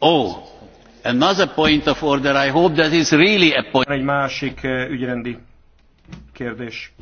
Oh, another point of order. I hope that is really a point. Egy másik eh, ügyrendi kérdés.